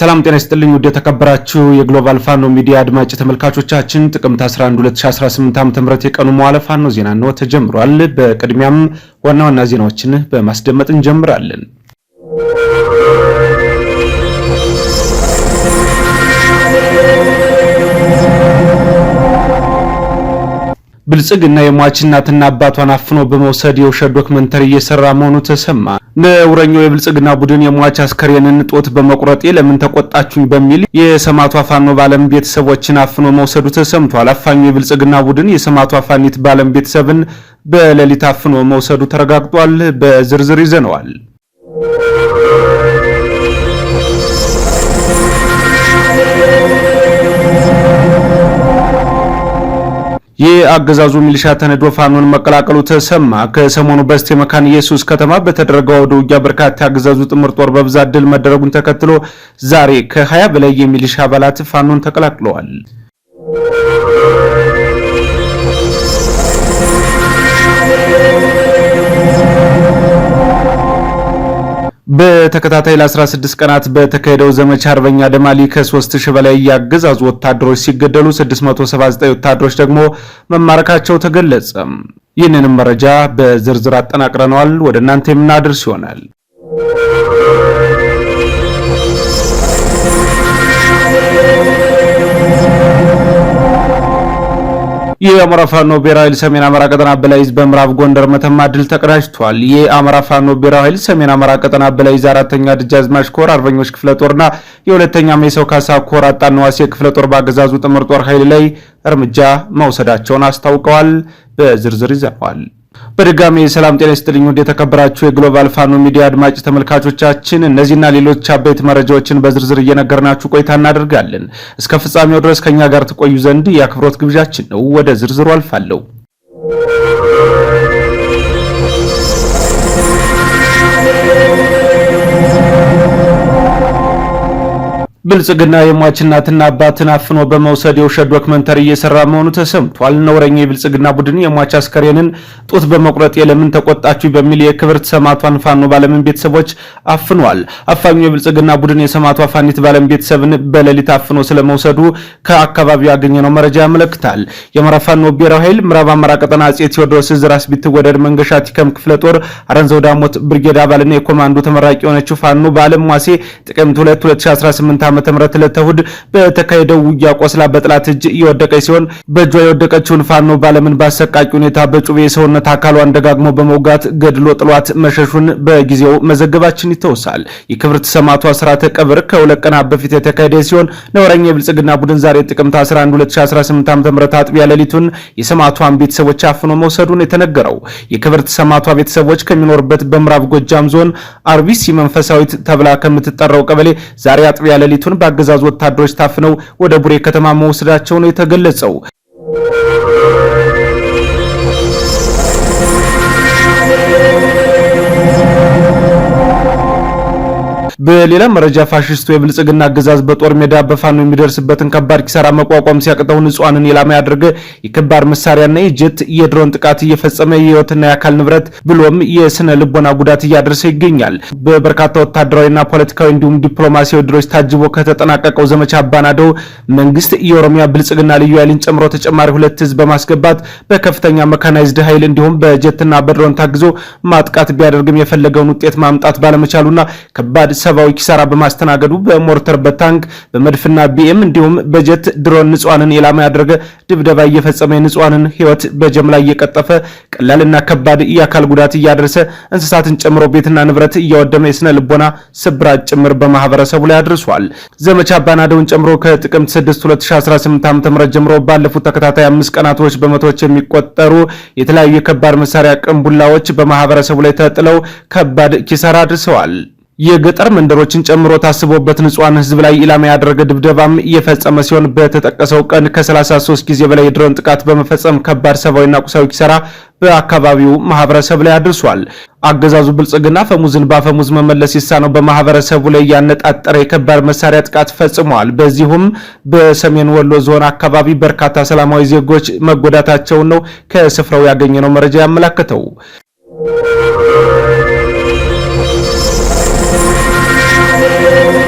ሰላም ጤና ይስጥልኝ። ውድ የተከበራችሁ የግሎባል ፋኖ ሚዲያ አድማጭ ተመልካቾቻችን ጥቅምት 11 2018 ዓ.ም የቀኑ መዋለ ፋኖ ዜና ነው ተጀምሯል። በቅድሚያም ዋና ዋና ዜናዎችን በማስደመጥ እንጀምራለን። ብልጽግና የሟች እናትና አባቷን አፍኖ በመውሰድ የውሸት ዶክመንተሪ እየሰራ መሆኑ ተሰማ። ነውረኛው የብልጽግና ቡድን የሟች አስከሬንን ጦት በመቁረጤ ለምን ተቆጣችሁኝ በሚል የሰማዕቷ ፋኖ ባለም ቤተሰቦችን አፍኖ መውሰዱ ተሰምቷል። አፋኙ የብልጽግና ቡድን የሰማዕቷ ፋኒት ባለም ቤተሰብን በሌሊት አፍኖ መውሰዱ ተረጋግጧል። በዝርዝር ይዘነዋል። አገዛዙ ሚሊሻ ተነዶ ፋኖን መቀላቀሉ ተሰማ። ከሰሞኑ በስቴ መካነ ኢየሱስ ከተማ በተደረገው አውደ ውጊያ በርካታ የአገዛዙ ጥምር ጦር በብዛት ድል መደረጉን ተከትሎ ዛሬ ከ20 በላይ የሚሊሻ አባላት ፋኖን ተቀላቅለዋል። በተከታታይ ለ16 ቀናት በተካሄደው ዘመቻ አርበኛ ደማሊ ከ3000 በላይ ያገዛዙ ወታደሮች ሲገደሉ 679 ወታደሮች ደግሞ መማረካቸው ተገለጸ። ይህንንም መረጃ በዝርዝር አጠናቅረነዋል ወደ እናንተ የምናደርስ ይሆናል። የአማራ ፋኖ ብሔራዊ ኃይል ሰሜን አማራ ቀጠና በላይ ዕዝ በምዕራብ ጎንደር መተማ ድል ተቀዳጅቷል። የአማራ ፋኖ ብሔራዊ ኃይል ሰሜን አማራ ቀጠና በላይ አራተኛ ደጃዝማች ኮር አርበኞች ክፍለ ጦርና የሁለተኛ ሜሰው ካሳ ኮር አጣናዋሴ ክፍለ ጦር ባገዛዙ ጥምር ጦር ኃይል ላይ እርምጃ መውሰዳቸውን አስታውቀዋል። በዝርዝር ይዘነዋል። በድጋሚ ሰላም ጤና ይስጥልኝ። ውድ የተከበራችሁ የግሎባል ፋኖ ሚዲያ አድማጭ ተመልካቾቻችን እነዚህና ሌሎች አበይት መረጃዎችን በዝርዝር እየነገርናችሁ ቆይታ እናደርጋለን። እስከ ፍጻሜው ድረስ ከእኛ ጋር ትቆዩ ዘንድ የአክብሮት ግብዣችን ነው። ወደ ዝርዝሩ አልፋለሁ። ብልጽግና የሟች እናትና አባትን አፍኖ በመውሰድ የውሸት ዶክመንተሪ እየሰራ መሆኑ ተሰምቷል። ነውረኛ የብልጽግና ቡድን የሟች አስከሬንን ጡት በመቁረጥ የለምን ተቆጣችሁ በሚል የክብርት ሰማዕቷን ፋኖ ባለምን ቤተሰቦች አፍኗል። አፋኙ የብልጽግና ቡድን የሰማዕቷ ፋኒት ባለም ቤተሰብን በሌሊት አፍኖ ስለመውሰዱ ከአካባቢው ያገኘነው መረጃ ያመለክታል። የአማራ ፋኖ ብሔራዊ ኃይል ምዕራብ አማራ ቀጠና አጼ ቴዎድሮስ ዕዝ ራስ ቢትወደድ መንገሻ ቲከም ክፍለ ጦር አረንዘው ዳሞት ብርጌድ አባልና የኮማንዶ ተመራቂ የሆነችው ፋኖ ባለም ዋሴ ጥቅምት 2 2018 ዓ.ም ዕለተ እሑድ በተካሄደው ውጊያ ቆስላ በጥላት እጅ እየወደቀች ሲሆን በእጇ የወደቀችውን ፋኖ ባለምን ባሰቃቂ ሁኔታ በጩቤ የሰውነት አካሏን ደጋግሞ በመውጋት ገድሎ ጥሏት መሸሹን በጊዜው መዘገባችን ይተውሳል። የክብርት ሰማዕቷ ስርዓተ ቀብር ከሁለት ቀናት በፊት የተካሄደ ሲሆን ነውረኛ የብልጽግና ቡድን ዛሬ ጥቅምት 11 2018 ዓ.ም አጥቢያ ሌሊቱን የሰማዕቷን ቤተሰቦች አፍኖ መውሰዱን የተነገረው የክብርት ሰማዕቷ ቤተሰቦች ከሚኖርበት በምዕራብ ጎጃም ዞን አርቢሲ መንፈሳዊት ተብላ ከምትጠራው ቀበሌ ዛሬ አጥቢያ ሌሊቱ በአገዛዙ ወታደሮች ታፍነው ወደ ቡሬ ከተማ መወሰዳቸው ነው የተገለጸው። በሌላ መረጃ ፋሽስቱ የብልጽግና አገዛዝ በጦር ሜዳ በፋኖ የሚደርስበትን ከባድ ኪሳራ መቋቋም ሲያቅተው ንጹሐንን ኢላማ ያደረገ የከባድ መሳሪያና የጀት የድሮን ጥቃት እየፈጸመ የህይወትና የአካል ንብረት ብሎም የስነ ልቦና ጉዳት እያደረሰ ይገኛል። በበርካታ ወታደራዊና ፖለቲካዊ እንዲሁም ዲፕሎማሲያዊ ድሎች ታጅቦ ከተጠናቀቀው ዘመቻ አባናደው መንግስት የኦሮሚያ ብልጽግና ልዩ ኃይልን ጨምሮ ተጨማሪ ሁለት ህዝብ በማስገባት በከፍተኛ መካናይዝድ ኃይል እንዲሁም በጀትና በድሮን ታግዞ ማጥቃት ቢያደርግም የፈለገውን ውጤት ማምጣት ባለመቻሉና ከባድ ሰብ ሰብአዊ ኪሳራ በማስተናገዱ በሞርተር በታንክ በመድፍና ቢኤም እንዲሁም በጀት ድሮን ንጹሐንን ኢላማ ያደረገ ድብደባ እየፈጸመ የንጹሐንን ህይወት በጀምላ እየቀጠፈ ቀላልና ከባድ የአካል ጉዳት እያደረሰ እንስሳትን ጨምሮ ቤትና ንብረት እያወደመ የስነ ልቦና ስብራት ጭምር በማህበረሰቡ ላይ አድርሷል። ዘመቻ ባናደውን ጨምሮ ከጥቅምት 6 2018 ም ጀምሮ ባለፉት ተከታታይ አምስት ቀናቶች በመቶዎች የሚቆጠሩ የተለያዩ የከባድ መሳሪያ ቅንቡላዎች በማህበረሰቡ ላይ ተጥለው ከባድ ኪሳራ አድርሰዋል። የገጠር መንደሮችን ጨምሮ ታስቦበት ንጹሃን ህዝብ ላይ ኢላማ ያደረገ ድብደባም እየፈጸመ ሲሆን በተጠቀሰው ቀን ከ33 ጊዜ በላይ የድሮን ጥቃት በመፈጸም ከባድ ሰብአዊና ቁሳዊ ኪሳራ በአካባቢው ማህበረሰብ ላይ አድርሷል። አገዛዙ ብልጽግና ፈሙዝን ባፈሙዝ መመለስ ይሳነው በማህበረሰቡ ላይ ያነጣጠረ የከባድ መሳሪያ ጥቃት ፈጽመዋል። በዚሁም በሰሜን ወሎ ዞን አካባቢ በርካታ ሰላማዊ ዜጎች መጎዳታቸውን ነው ከስፍራው ያገኘነው መረጃ ያመላከተው። Thank you.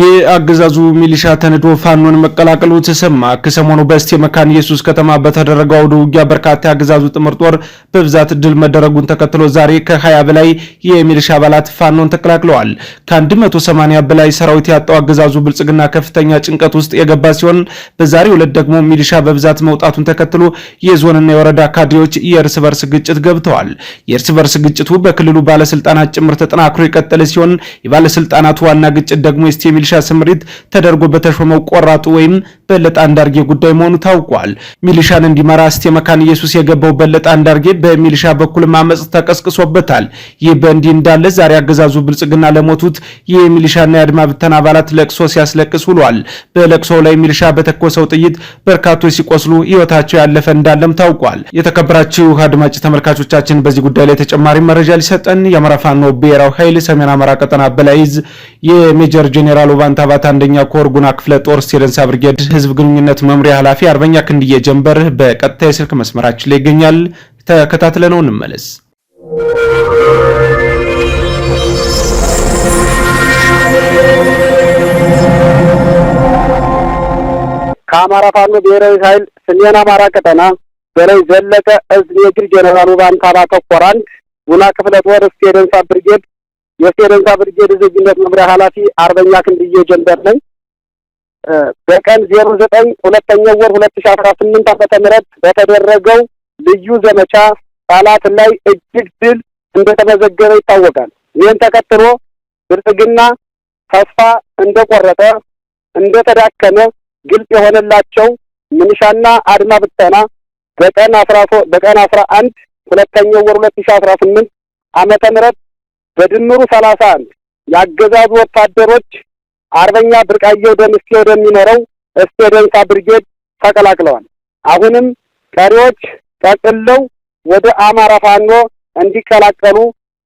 የአገዛዙ ሚሊሻ ተንዶ ፋኖን መቀላቀሉ ተሰማ። ከሰሞኑ በስቴ መካን ኢየሱስ ከተማ በተደረገው አውደ ውጊያ በርካታ የአገዛዙ ጥምር ጦር በብዛት ድል መደረጉን ተከትሎ ዛሬ ከ20 በላይ የሚሊሻ አባላት ፋኖን ተቀላቅለዋል። ከ180 በላይ ሰራዊት ያጣው አገዛዙ ብልጽግና ከፍተኛ ጭንቀት ውስጥ የገባ ሲሆን በዛሬው ዕለት ደግሞ ሚሊሻ በብዛት መውጣቱን ተከትሎ የዞንና የወረዳ ካድሬዎች የእርስ በርስ ግጭት ገብተዋል። የእርስ በርስ ግጭቱ በክልሉ ባለስልጣናት ጭምር ተጠናክሮ የቀጠለ ሲሆን የባለስልጣናቱ ዋና ግጭት ደግሞ የስቴ የግሻ ስምሪት ተደርጎ በተሾመው ቆራጡ ወይም በለጠ አንዳርጌ ጉዳይ መሆኑ ታውቋል። ሚሊሻን እንዲመራ አስቴ መካን ኢየሱስ የገባው በለጠ አንዳርጌ በሚሊሻ በኩል ማመጽ ተቀስቅሶበታል። ይህ በእንዲህ እንዳለ ዛሬ አገዛዙ ብልጽግና ለሞቱት የሚሊሻና የአድማ ብተና አባላት ለቅሶ ሲያስለቅስ ውሏል። በለቅሶው ላይ ሚሊሻ በተኮሰው ጥይት በርካቶች ሲቆስሉ ህይወታቸው ያለፈ እንዳለም ታውቋል። የተከበራችሁ አድማጭ ተመልካቾቻችን በዚህ ጉዳይ ላይ ተጨማሪ መረጃ ሊሰጠን የአማራ ፋኖ ብሔራዊ ኃይል ሰሜን አማራ ቀጠና በላይዝ የሜጀር ጄኔራል ኦባንት አባት አንደኛ ኮር ጉና ክፍለ ጦር ስቴደንስ ብርጌድ የህዝብ ግንኙነት መምሪያ ኃላፊ አርበኛ ክንድዬ ጀንበር በቀጥታ የስልክ መስመራችን ላይ ይገኛል። ተከታትለ ነው እንመለስ። ከአማራ ፋኖ ብሔራዊ ኃይል ሰሜን አማራ ቀጠና በላይ ዘለቀ እዝ የግር ጄኔራል ውባንታ ባተ ኮራንድ ጉና ክፍለ ጦር ስቴደንሳ ብርጌድ የስቴደንሳ ብርጌድ ዝግነት መምሪያ ኃላፊ አርበኛ ክንድዬ ጀንበር ነኝ። በቀን ዜሮ ዘጠኝ ሁለተኛው ወር ሁለት ሺ አስራ ስምንት ዓመተ ምህረት በተደረገው ልዩ ዘመቻ ጣላት ላይ እጅግ ድል እንደተመዘገበ ይታወቃል። ይህን ተከትሎ ብልጽግና ተስፋ እንደቆረጠ እንደተዳከመ ግልጽ የሆነላቸው ምንሻና አድማ ብተና በቀን አስራ በቀን አስራ አንድ ሁለተኛው ወር ሁለት ሺ አስራ ስምንት ዓመተ ምህረት በድምሩ ሰላሳ አንድ የአገዛዙ ወታደሮች አርበኛ ብርቃየው ደምስቴ ወደሚመራው እስቴ ደንሳ ብርጌድ ተቀላቅለዋል። አሁንም ቀሪዎች ጠቅለው ወደ አማራ ፋኖ እንዲቀላቀሉ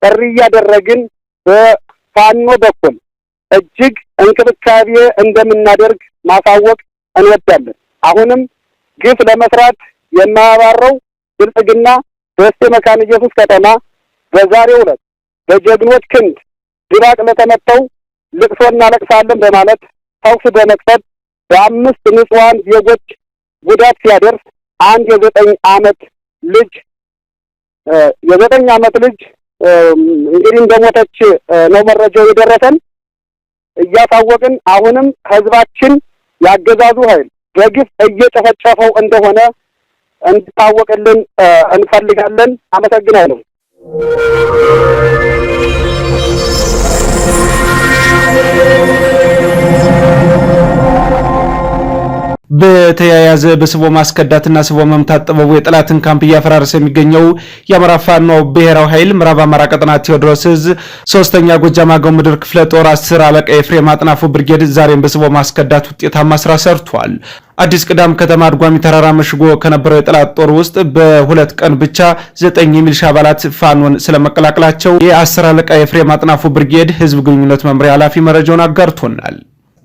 ጥሪ እያደረግን በፋኖ በኩል እጅግ እንክብካቤ እንደምናደርግ ማሳወቅ እንወዳለን። አሁንም ግፍ ለመስራት የማያባረው ብልጽግና በእስቴ መካነ ኢየሱስ ከተማ በዛሬው ዕለት በጀግኖች ክንድ ድባቅ ለተመተው ልቅሶ እናለቅሳለን በማለት ተኩስ በመክፈት በአምስት ንጹሐን ዜጎች ጉዳት ሲያደርስ አንድ የዘጠኝ ዓመት ልጅ የዘጠኝ ዓመት ልጅ እንግዲህ እንደሞተች ነው መረጃው የደረሰን። እያሳወቅን አሁንም ህዝባችን ያገዛዙ ኃይል በግፍ እየጨፈጨፈው እንደሆነ እንዲታወቅልን እንፈልጋለን። አመሰግናለሁ። በተያያዘ በስቦ ማስከዳትና ስቦ መምታት ጥበቡ የጠላትን ካምፕ እያፈራረሰ የሚገኘው የአማራ ፋኖ ብሔራዊ ኃይል ምዕራብ አማራ ቀጠና ቴዎድሮስ እዝ ሶስተኛ ጎጃም አገው ምድር ክፍለ ጦር አስር አለቃ ኤፍሬም ማጥናፉ ብርጌድ ዛሬም በስቦ ማስከዳት ውጤታማ ስራ ሰርቷል። አዲስ ቅዳም ከተማ አድጓሚ ተራራ መሽጎ ከነበረው የጠላት ጦር ውስጥ በሁለት ቀን ብቻ ዘጠኝ የሚልሻ አባላት ፋኖን ስለመቀላቀላቸው የአስር አለቃ የፍሬ ማጥናፉ ብርጌድ ህዝብ ግንኙነት መምሪያ ኃላፊ መረጃውን አጋርቶናል።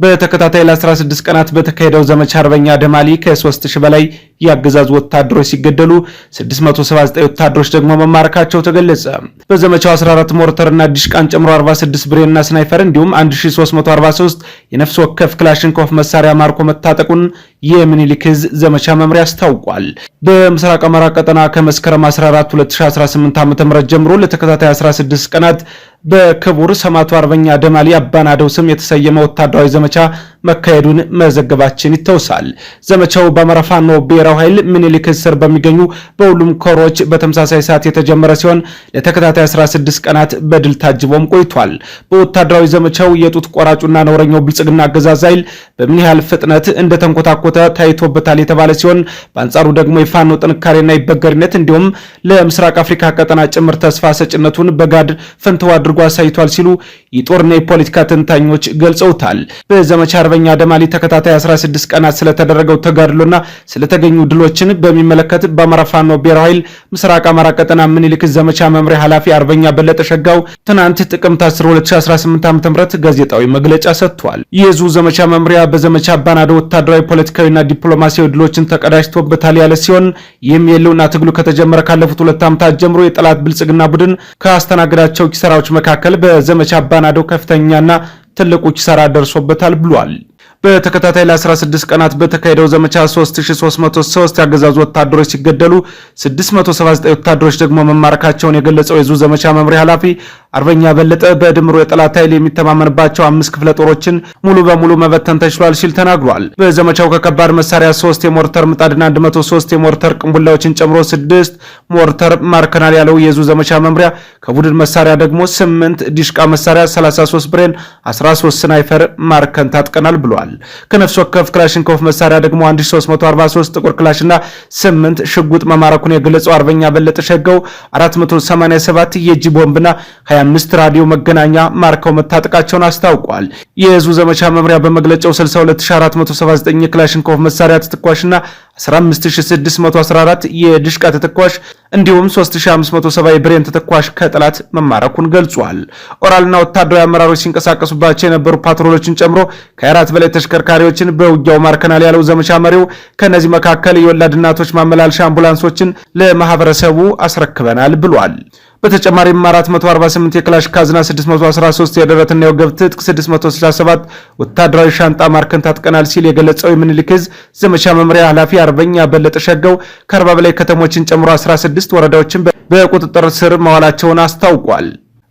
በተከታታይ ለ16 ቀናት በተካሄደው ዘመቻ አርበኛ ደማሊ ከ3000 በላይ የአገዛዝ ወታደሮች ሲገደሉ 679 ወታደሮች ደግሞ መማረካቸው ተገለጸ። በዘመቻው 14 ሞርተርና ዲሽቃን ጨምሮ 46 ብሬንና ስናይፈር እንዲሁም 1343 የነፍስ ወከፍ ክላሽንኮፍ መሳሪያ ማርኮ መታጠቁን የምኒልክ ዕዝ ዘመቻ መምሪያ አስታውቋል። በምስራቅ አማራ ቀጠና ከመስከረም 14 2018 ዓ.ም ጀምሮ ለተከታታይ 16 ቀናት በክቡር ሰማዕቱ አርበኛ ደማሊ አባናደው ስም የተሰየመ ወታደራዊ ዘመቻ መካሄዱን መዘገባችን ይተውሳል። ዘመቻው በአማራ ፋኖ ብሔራዊ ኃይል ምኒልክ ስር በሚገኙ በሁሉም ኮሮች በተመሳሳይ ሰዓት የተጀመረ ሲሆን ለተከታታይ 16 ቀናት በድል ታጅቦም ቆይቷል። በወታደራዊ ዘመቻው የጡት ቆራጩና ነውረኛው ብልጽግና አገዛዝ ኃይል በምን ያህል ፍጥነት እንደተንኮታኮተ ታይቶበታል የተባለ ሲሆን በአንጻሩ ደግሞ የፋኖ ጥንካሬና ይበገሪነት እንዲሁም ለምስራቅ አፍሪካ ቀጠና ጭምር ተስፋ ሰጭነቱን በጋድ ፈንተው አድርጎ አሳይቷል ሲሉ የጦርና የፖለቲካ ተንታኞች ገልጸውታል። በዘመቻ አርበኛ ደማሊ ተከታታይ 16 ቀናት ስለተደረገው ተጋድሎና ስለተገኙ ድሎችን በሚመለከት በአማራ ፋኖ ብሔራዊ ኃይል ምስራቅ አማራ ቀጠና ምኒልክ ዘመቻ መምሪያ ኃላፊ አርበኛ በለጠ ሸጋው ትናንት ጥቅምት 10 2018 ዓ.ም ጋዜጣዊ መግለጫ ሰጥቷል። የዙ ዘመቻ መምሪያ በዘመቻ ባናዶ ወታደራዊ ፖለቲካዊና ዲፕሎማሲያዊ ድሎችን ተቀዳጅቶበታል ያለ ሲሆን ይህም የህልውና ትግሉ ከተጀመረ ካለፉት ሁለት ዓመታት ጀምሮ የጠላት ብልጽግና ቡድን ካስተናገዳቸው ኪሳራዎች መካከል በዘመቻ ባናዶ ከፍተኛና ትልቁ ኪሳራ ደርሶበታል ብሏል። በተከታታይ ለ16 ቀናት በተካሄደው ዘመቻ 3303 ያገዛዙ ወታደሮች ሲገደሉ 679 ወታደሮች ደግሞ መማረካቸውን የገለጸው የዙ ዘመቻ መምሪያ ኃላፊ አርበኛ በለጠ በድምሮ የጠላት ኃይል የሚተማመንባቸው አምስት ክፍለ ጦሮችን ሙሉ በሙሉ መበተን ተችሏል ሲል ተናግሯል። በዘመቻው ከከባድ መሳሪያ ሶስት የሞርተር ምጣድና 103 የሞርተር ቅንቡላዎችን ጨምሮ ስድስት ሞርተር ማርከናል ያለው የዙ ዘመቻ መምሪያ ከቡድን መሳሪያ ደግሞ ስምንት ዲሽቃ መሳሪያ 33 ብሬን 13 ስናይፈር ማርከን ታጥቀናል ብሏል። ከነፍስ ወከፍ ክላሽንኮፍ መሳሪያ ደግሞ 1343 ጥቁር ክላሽና 8 ሽጉጥ መማረኩን የገለጸው አርበኛ በለጠ ሸገው 487 የእጅ ቦምብና አምስት ራዲዮ መገናኛ ማርከው መታጠቃቸውን አስታውቋል። የህዝቡ ዘመቻ መምሪያ በመግለጫው 62479 የክላሽንኮቭ መሳሪያ ተተኳሽና 15614 የድሽቃ ተተኳሽ እንዲሁም 3570 የብሬን ተተኳሽ ከጠላት መማረኩን ገልጿል። ኦራልና ወታደራዊ አመራሮች ሲንቀሳቀሱባቸው የነበሩ ፓትሮሎችን ጨምሮ ከአራት በላይ ተሽከርካሪዎችን በውጊያው ማርከናል ያለው ዘመቻ መሪው ከእነዚህ መካከል የወላድ እናቶች ማመላለሻ አምቡላንሶችን ለማህበረሰቡ አስረክበናል ብሏል። በተጨማሪም 448 የክላሽ ካዝና፣ 613 የደረትና የወገብ ትጥቅ፣ 667 ወታደራዊ ሻንጣ ማርከን ታጥቀናል ሲል የገለጸው የምኒልክ ዕዝ ዘመቻ መምሪያ ኃላፊ አርበኛ በለጠ ሸገው ከ40 በላይ ከተሞችን ጨምሮ 16 ወረዳዎችን በቁጥጥር ስር መዋላቸውን አስታውቋል።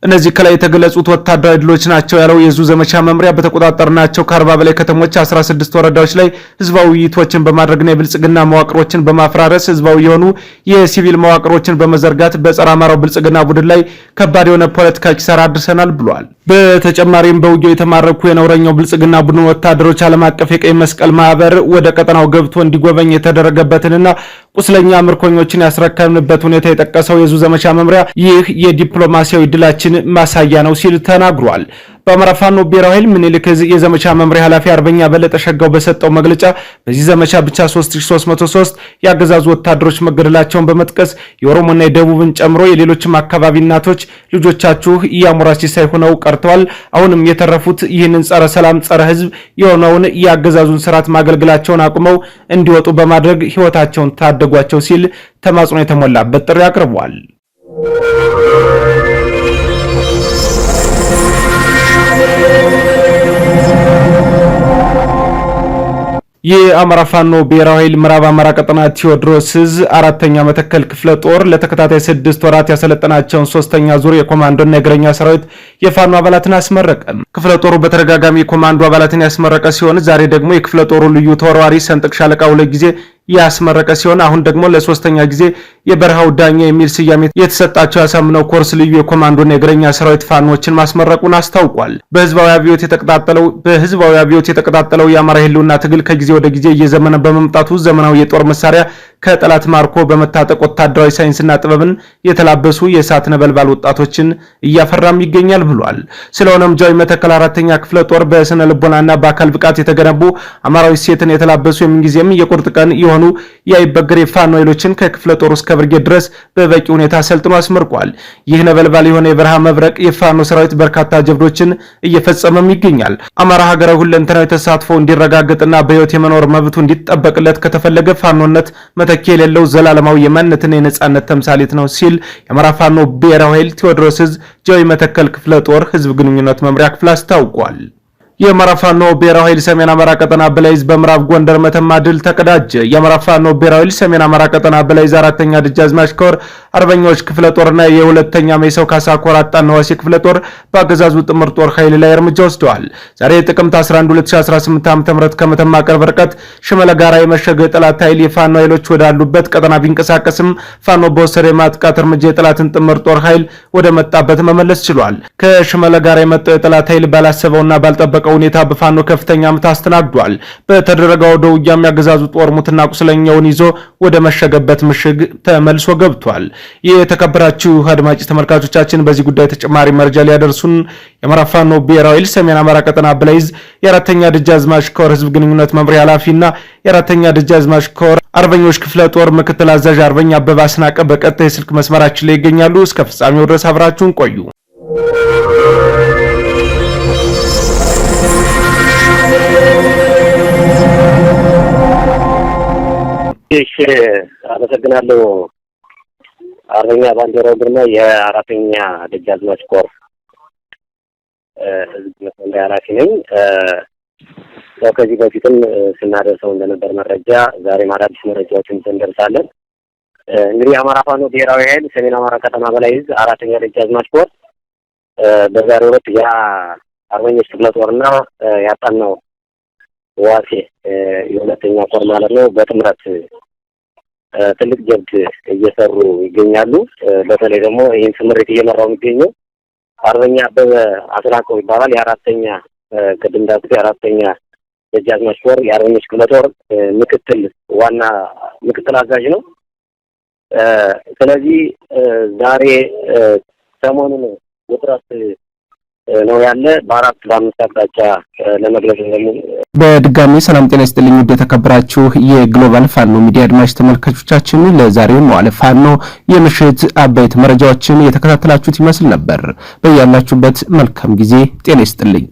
እነዚህ ከላይ የተገለጹት ወታደራዊ ድሎች ናቸው ያለው የዙ ዘመቻ መምሪያ በተቆጣጠርናቸው ከአርባ በላይ ከተሞች 16 ወረዳዎች ላይ ህዝባዊ ውይይቶችን በማድረግና የብልጽግና መዋቅሮችን በማፍራረስ ህዝባዊ የሆኑ የሲቪል መዋቅሮችን በመዘርጋት በጸረ አማራው ብልጽግና ቡድን ላይ ከባድ የሆነ ፖለቲካ ኪሳራ አድርሰናል ብሏል። በተጨማሪም በውጊያው የተማረኩ የነውረኛው ብልጽግና ቡድን ወታደሮች ዓለም አቀፍ የቀይ መስቀል ማህበር ወደ ቀጠናው ገብቶ እንዲጎበኝ የተደረገበትንና ቁስለኛ ምርኮኞችን ያስረከብንበት ሁኔታ የጠቀሰው የዙ ዘመቻ መምሪያ ይህ የዲፕሎማሲያዊ ድላችን መሆናችን ማሳያ ነው ሲል ተናግሯል። በአማራ ፋኖ ብሔራዊ ኃይል ምኒልክ ዕዝ የዘመቻ መምሪያ ኃላፊ አርበኛ በለጠ ሸጋው በሰጠው መግለጫ በዚህ ዘመቻ ብቻ 3303 የአገዛዙ ወታደሮች መገደላቸውን በመጥቀስ የኦሮሞና የደቡብን ጨምሮ የሌሎችም አካባቢ እናቶች ልጆቻችሁ የአሞራ ሲሳይ ሆነው ቀርተዋል። አሁንም የተረፉት ይህንን ጸረ ሰላም፣ ጸረ ህዝብ የሆነውን የአገዛዙን ስርዓት ማገልገላቸውን አቁመው እንዲወጡ በማድረግ ህይወታቸውን ታደጓቸው ሲል ተማጽኖ የተሞላበት ጥሪ አቅርቧል። የአማራ ፋኖ ብሔራዊ ኃይል ምዕራብ አማራ ቀጠና ቴዎድሮስ እዝ አራተኛ መተከል ክፍለ ጦር ለተከታታይ ስድስት ወራት ያሰለጠናቸውን ሶስተኛ ዙር የኮማንዶና የእግረኛ ሰራዊት የፋኖ አባላትን አስመረቀ። ክፍለ ጦሩ በተደጋጋሚ የኮማንዶ አባላትን ያስመረቀ ሲሆን ዛሬ ደግሞ የክፍለ ጦሩ ልዩ ተወርዋሪ ሰንጥቅ ሻለቃ ሁለት ጊዜ ያስመረቀ ሲሆን አሁን ደግሞ ለሶስተኛ ጊዜ የበረሃው ዳኛ የሚል ስያሜ የተሰጣቸው ያሳምነው ኮርስ ልዩ የኮማንዶና የእግረኛ ሰራዊት ፋኖችን ማስመረቁን አስታውቋል። በህዝባዊ አብዮት የተቀጣጠለው በህዝባዊ አብዮት የተቀጣጠለው የአማራ ህልውና ትግል ከጊዜ ወደ ጊዜ እየዘመነ በመምጣቱ ዘመናዊ የጦር መሳሪያ ከጠላት ማርኮ በመታጠቅ ወታደራዊ ሳይንስና ጥበብን የተላበሱ የእሳት ነበልባል ወጣቶችን እያፈራም ይገኛል ብሏል። ስለሆነም ጃዊ መተከል አራተኛ ክፍለ ጦር በስነ ልቦናና በአካል ብቃት የተገነቡ አማራዊ ሴትን የተላበሱ የምንጊዜም የቁርጥ ቀን በመሆኑ የአይበገር የፋኖ ኃይሎችን ከክፍለ ጦር እስከ ብርጌድ ድረስ በበቂ ሁኔታ ሰልጥኖ አስመርቋል። ይህ ነበልባል የሆነ የበረሃ መብረቅ የፋኖ ሰራዊት በርካታ ጀብዶችን እየፈጸመም ይገኛል። አማራ ሀገራዊ ሁለንተናዊ ተሳትፎ እንዲረጋገጥና በህይወት የመኖር መብቱ እንዲጠበቅለት ከተፈለገ ፋኖነት መተኪ የሌለው ዘላለማዊ የማንነትና የነጻነት ተምሳሌት ነው ሲል የአማራ ፋኖ ብሔራዊ ኃይል ቴዎድሮስ እዝ ጃዊ መተከል ክፍለ ጦር ህዝብ ግንኙነት መምሪያ ክፍል አስታውቋል። የአማራ ፋኖ ብሔራዊ ኃይል ሰሜን አማራ ቀጠና በላይዝ በምዕራብ ጎንደር መተማ ድል ተቀዳጀ። የአማራ ፋኖ ብሔራዊ ኃይል ሰሜን አማራ ቀጠና በላይዝ አራተኛ ደጃዝማች ኮር አርበኞች ክፍለ ጦርና የሁለተኛ ሜሰው ካሳ ኮር አጣና ዋሴ ክፍለ ጦር በአገዛዙ ጥምር ጦር ኃይል ላይ እርምጃ ወስደዋል። ዛሬ ጥቅምት 11 2018 ዓ.ም ከመተማ ቅርብ ርቀት ሽመለ ጋራ የመሸገ የጠላት ኃይል የፋኖ ኃይሎች ወዳሉበት ቀጠና ቢንቀሳቀስም ፋኖ በወሰደ የማጥቃት እርምጃ የጠላትን ጥምር ጦር ኃይል ወደ መጣበት መመለስ ችሏል። ከሽመለ ጋራ የመጣው የጠላት ኃይል ባላሰበውና ባልጠበቀ ባልጠበቀ ሁኔታ በፋኖ ከፍተኛ ምት አስተናግዷል። በተደረገው ደውያም ያገዛዙ ጦር ሙትና ቁስለኛውን ይዞ ወደ መሸገበት ምሽግ ተመልሶ ገብቷል። የተከበራችሁ አድማጭ ተመልካቾቻችን በዚህ ጉዳይ ተጨማሪ መረጃ ሊያደርሱን የአማራ ፋኖ ብሔራዊ ኃይል ሰሜን አማራ ቀጠና ብላይዝ የአራተኛ ደጃዝማች ኮር ህዝብ ግንኙነት መምሪያ ኃላፊና የአራተኛ ደጃዝማች ኮር አርበኞች ክፍለ ጦር ምክትል አዛዥ አርበኛ አበባ አስናቀ በቀጥታ የስልክ መስመራችን ላይ ይገኛሉ። እስከ ፍጻሜው ድረስ አብራችሁን ቆዩ። እሺ አመሰግናለሁ። አርበኛ ባንዲራው ግርማ የአራተኛ ደጃዝማች ኮር ህዝብ መሰንዳይ ኃላፊ ነኝ። ያው ከዚህ በፊትም ስናደርሰው እንደነበር መረጃ ዛሬም አዳዲስ መረጃዎችን እንደርሳለን። እንግዲህ የአማራ ፋኖ ብሔራዊ ኃይል ሰሜን አማራ ከተማ በላይ ህዝብ አራተኛ ደጃዝማች ኮር በዛሬው ዕለት የአርበኞች ክፍለ ጦርና ያጣናው ዋሴ የሁለተኛ ኮር ማለት ነው በጥምረት ትልቅ ጀብድ እየሰሩ ይገኛሉ። በተለይ ደግሞ ይህን ስምሪት እየመራው የሚገኘው አርበኛ አበበ አስራቆ ይባላል። የአራተኛ ቅድም እንዳልኩት የአራተኛ ደጃዝማች ወር የአርበኞች ክፍለ ጦር ምክትል ዋና ምክትል አዛዥ ነው። ስለዚህ ዛሬ ሰሞኑን ውጥረት ነው ያለ በአራት በአምስት አቅጣጫ ለመግለጽ ደግሞ በድጋሚ ሰላም ጤና ይስጥልኝ። ውድ የተከበራችሁ የግሎባል ፋኖ ሚዲያ አድማጭ ተመልካቾቻችን ለዛሬው መዋለ ፋኖ የምሽት አበይት መረጃዎችን የተከታተላችሁት ይመስል ነበር። በያላችሁበት መልካም ጊዜ ጤና ይስጥልኝ።